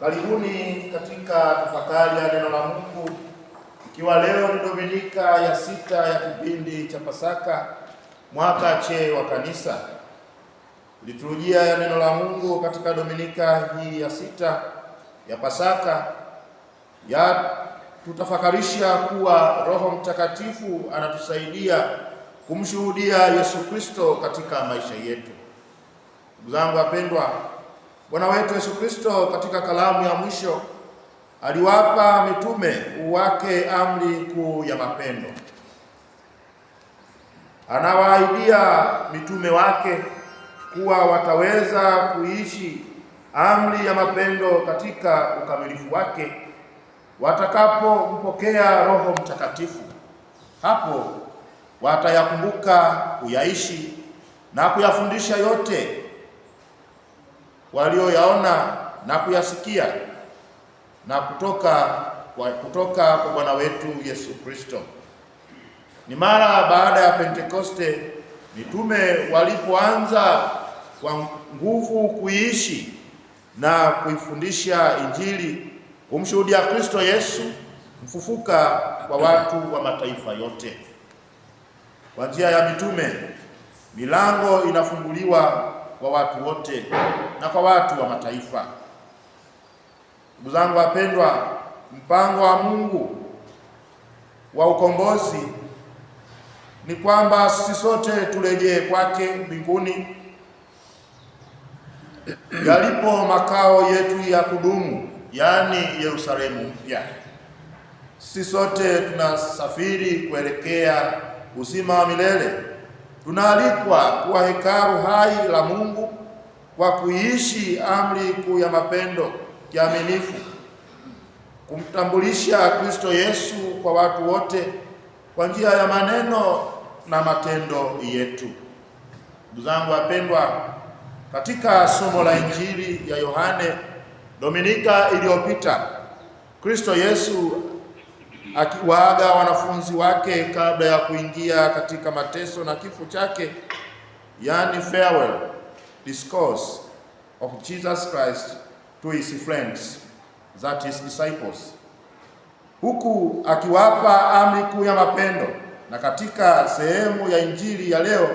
Karibuni katika tafakari ya neno la Mungu, ikiwa leo ni Dominika ya sita ya kipindi cha Pasaka mwaka C wa Kanisa. Liturujia ya neno la Mungu katika Dominika hii ya sita ya Pasaka ya tutafakarisha kuwa Roho Mtakatifu anatusaidia kumshuhudia Yesu Kristo katika maisha yetu. Ndugu zangu wapendwa Bwana wetu Yesu Kristo katika kalamu ya mwisho aliwapa mitume uwake amri kuu ya mapendo. Anawaahidia mitume wake kuwa wataweza kuishi amri ya mapendo katika ukamilifu wake watakapompokea Roho Mtakatifu. Hapo watayakumbuka kuyaishi na kuyafundisha yote walioyaona na kuyasikia na kutoka kutoka kwa Bwana wetu Yesu Kristo. Ni mara baada ya Pentekoste mitume walipoanza kwa nguvu kuiishi na kuifundisha Injili, kumshuhudia Kristo Yesu mfufuka kwa watu wa mataifa yote. Kwa njia ya mitume milango inafunguliwa kwa watu wote na kwa watu wa mataifa. Ndugu zangu wapendwa, mpango wa Mungu wa ukombozi ni kwamba sisi sote turejee kwake mbinguni yalipo makao yetu ya kudumu, yaani Yerusalemu mpya. Sisi sote tunasafiri kuelekea uzima wa milele, tunaalikwa kuwa hekalu hai la Mungu kwa kuiishi amri kuu ya mapendo kiaminifu, kumtambulisha Kristo Yesu kwa watu wote kwa njia ya maneno na matendo yetu. Ndugu zangu wapendwa, katika somo la Injili ya Yohane Dominika iliyopita, Kristo Yesu akiwaaga wanafunzi wake kabla ya kuingia katika mateso na kifo chake, yaani farewell discourse of Jesus Christ to his friends, that is disciples, huku akiwapa amri kuu ya mapendo. Na katika sehemu ya injili ya leo,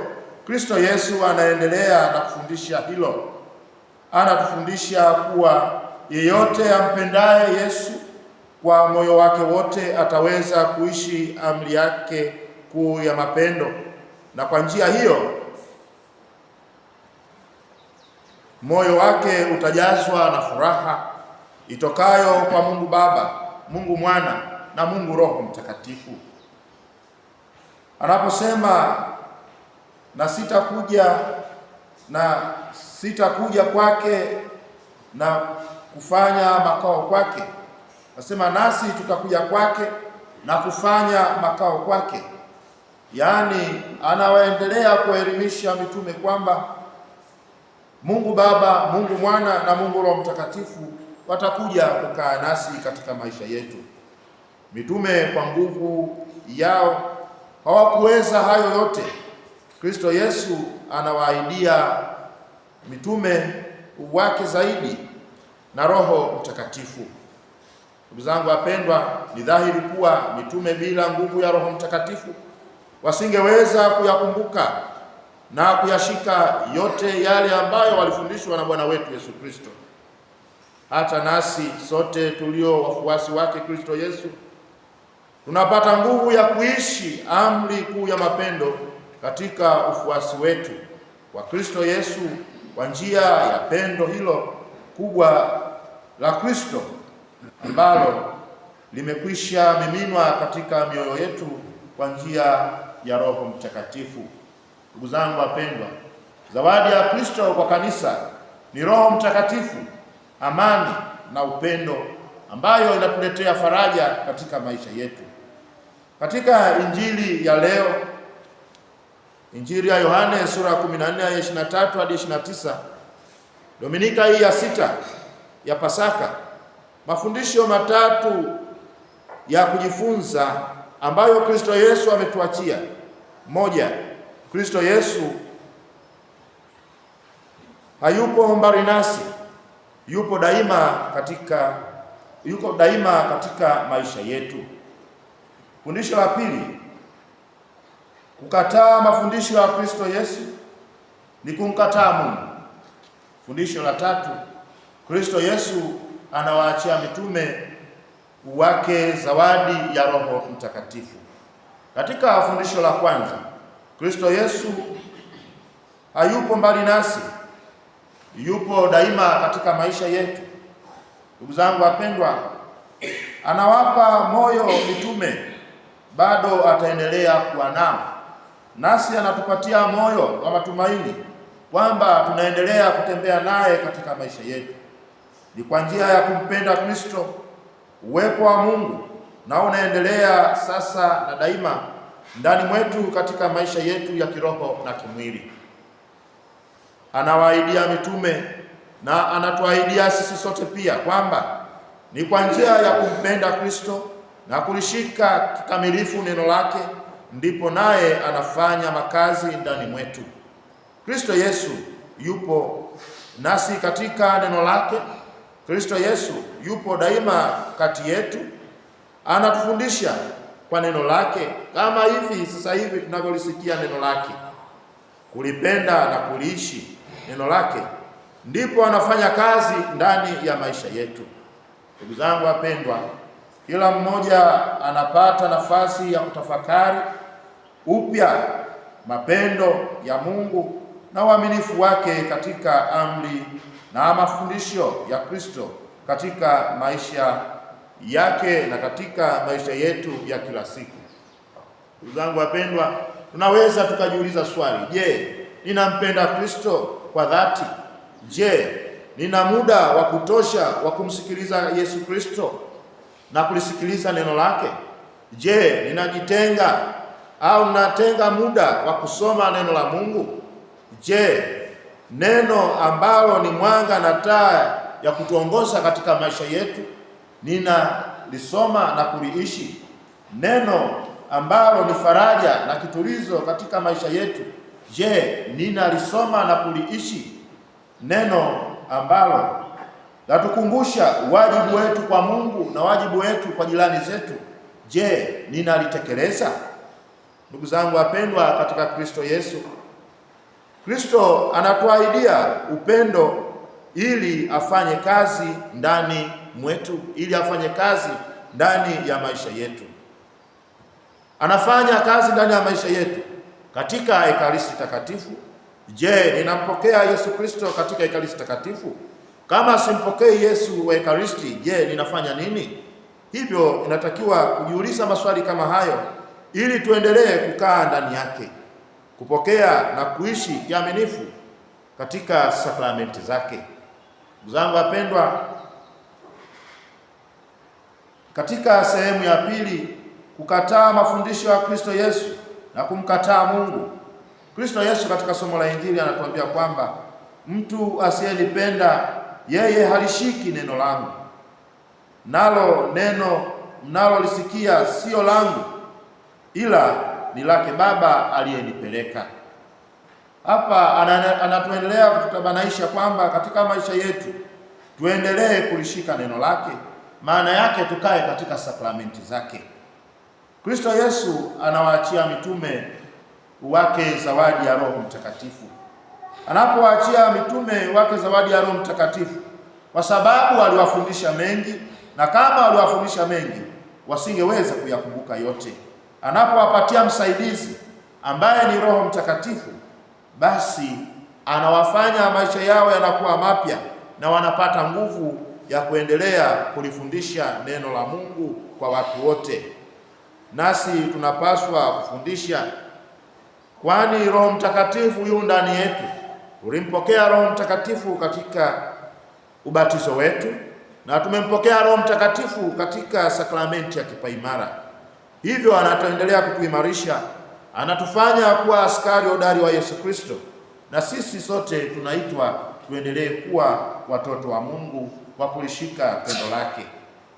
Kristo Yesu anaendelea na kufundisha hilo. Anatufundisha kuwa yeyote ampendaye Yesu kwa moyo wake wote ataweza kuishi amri yake kuu ya mapendo, na kwa njia hiyo moyo wake utajazwa na furaha itokayo kwa Mungu Baba, Mungu Mwana na Mungu Roho Mtakatifu anaposema na sitakuja na sitakuja kwake na kufanya makao kwake, nasema nasi tutakuja kwake na kufanya makao kwake. Yaani, anawaendelea kuwaelimisha mitume kwamba Mungu Baba, Mungu Mwana na Mungu Roho Mtakatifu watakuja kukaa nasi katika maisha yetu. Mitume kwa nguvu yao hawakuweza hayo yote. Kristo Yesu anawaahidia mitume wake zaidi na Roho Mtakatifu. Ndugu zangu wapendwa, ni dhahiri kuwa mitume bila nguvu ya Roho Mtakatifu wasingeweza kuyakumbuka na kuyashika yote yale ambayo walifundishwa na Bwana wetu Yesu Kristo, hata nasi sote tulio wafuasi wake Kristo Yesu tunapata nguvu ya kuishi amri kuu ya mapendo katika ufuasi wetu wa Kristo Yesu kwa njia ya pendo hilo kubwa la Kristo ambalo limekwisha miminwa katika mioyo yetu kwa njia ya Roho Mtakatifu. Ndugu zangu wapendwa, zawadi ya Kristo kwa kanisa ni Roho Mtakatifu, amani na upendo ambayo inatuletea faraja katika maisha yetu. Katika injili ya leo, injili ya Yohane sura ya 14 aya 23 hadi 29, Dominika hii ya sita ya Pasaka, mafundisho matatu ya kujifunza ambayo Kristo Yesu ametuachia: moja, Kristo Yesu hayupo mbali nasi, yupo daima katika yuko daima katika maisha yetu. Fundisho la pili, kukataa mafundisho ya Kristo Yesu ni kumkataa Mungu. Fundisho la tatu, Kristo Yesu anawaachia mitume wake zawadi ya Roho Mtakatifu. Katika fundisho la kwanza Kristo Yesu hayupo mbali nasi, yupo daima katika maisha yetu. Ndugu zangu wapendwa, anawapa moyo mitume, bado ataendelea kuwa nao nasi, anatupatia moyo wa matumaini kwamba tunaendelea kutembea naye katika maisha yetu. Ni kwa njia ya kumpenda Kristo, uwepo wa Mungu nao unaendelea sasa na daima ndani mwetu katika maisha yetu ya kiroho na kimwili. Anawaahidia mitume na anatuahidia sisi sote pia kwamba ni kwa njia ya kumpenda Kristo na kulishika kikamilifu neno lake ndipo naye anafanya makazi ndani mwetu. Kristo Yesu yupo nasi katika neno lake. Kristo Yesu yupo daima kati yetu, anatufundisha kwa neno lake, kama hivi sasa hivi tunavyolisikia neno lake, kulipenda na kuliishi neno lake, ndipo anafanya kazi ndani ya maisha yetu. Ndugu zangu wapendwa, kila mmoja anapata nafasi ya kutafakari upya mapendo ya Mungu na uaminifu wake katika amri na mafundisho ya Kristo katika maisha yake na katika maisha yetu ya kila siku. Ndugu zangu wapendwa, tunaweza tukajiuliza swali, je, ninampenda Kristo kwa dhati? Je, nina muda wa kutosha wa kumsikiliza Yesu Kristo na kulisikiliza neno lake? Je, ninajitenga au ninatenga muda wa kusoma neno la Mungu? Je, neno ambalo ni mwanga na taa ya kutuongoza katika maisha yetu ninalisoma na kuliishi neno ambalo ni faraja na kitulizo katika maisha yetu. Je, ninalisoma na kuliishi neno ambalo latukumbusha wajibu wetu kwa Mungu na wajibu wetu kwa jirani zetu? Je, ninalitekeleza? Ndugu zangu wapendwa katika Kristo Yesu, Kristo anatuahidia upendo ili afanye kazi ndani mwetu, ili afanye kazi ndani ya maisha yetu. Anafanya kazi ndani ya maisha yetu katika Ekaristi Takatifu. Je, ninampokea Yesu Kristo katika Ekaristi Takatifu? Kama simpokei Yesu wa Ekaristi, je, ninafanya nini? Hivyo inatakiwa kujiuliza maswali kama hayo ili tuendelee kukaa ndani yake, kupokea na kuishi kiaminifu katika sakramenti zake. Ndugu zangu wapendwa, katika sehemu ya pili, kukataa mafundisho ya Kristo Yesu na kumkataa Mungu. Kristo Yesu katika somo la Injili anatuambia kwamba mtu asiyenipenda yeye halishiki neno langu, nalo neno mnalolisikia siyo langu, ila ni lake Baba aliyenipeleka. Hapa anatuendelea kututabanaisha kwamba katika maisha yetu tuendelee kulishika neno lake, maana yake tukae katika sakramenti zake. Kristo Yesu anawaachia mitume wake zawadi ya Roho Mtakatifu. Anapowaachia mitume wake zawadi ya Roho Mtakatifu, kwa sababu aliwafundisha mengi, na kama aliwafundisha mengi wasingeweza kuyakumbuka yote. Anapowapatia msaidizi ambaye ni Roho Mtakatifu basi anawafanya maisha yao yanakuwa mapya na wanapata nguvu ya kuendelea kulifundisha neno la Mungu kwa watu wote. Nasi tunapaswa kufundisha, kwani Roho Mtakatifu yu ndani yetu. Tulimpokea Roho Mtakatifu katika ubatizo wetu na tumempokea Roho Mtakatifu katika sakramenti ya kipaimara, hivyo anatuendelea kutuimarisha anatufanya kuwa askari hodari wa Yesu Kristo, na sisi sote tunaitwa tuendelee kuwa watoto wa Mungu kwa kulishika pendo lake,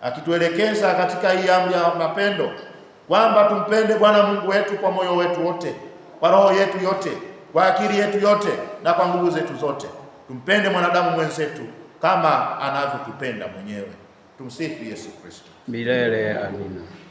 akituelekeza katika hii amri ya mapendo kwamba tumpende Bwana Mungu wetu kwa moyo wetu wote, kwa roho yetu yote, kwa akili yetu yote, na kwa nguvu zetu zote. Tumpende mwanadamu mwenzetu kama anavyotupenda mwenyewe. Tumsifu Yesu Kristo milele. Amina.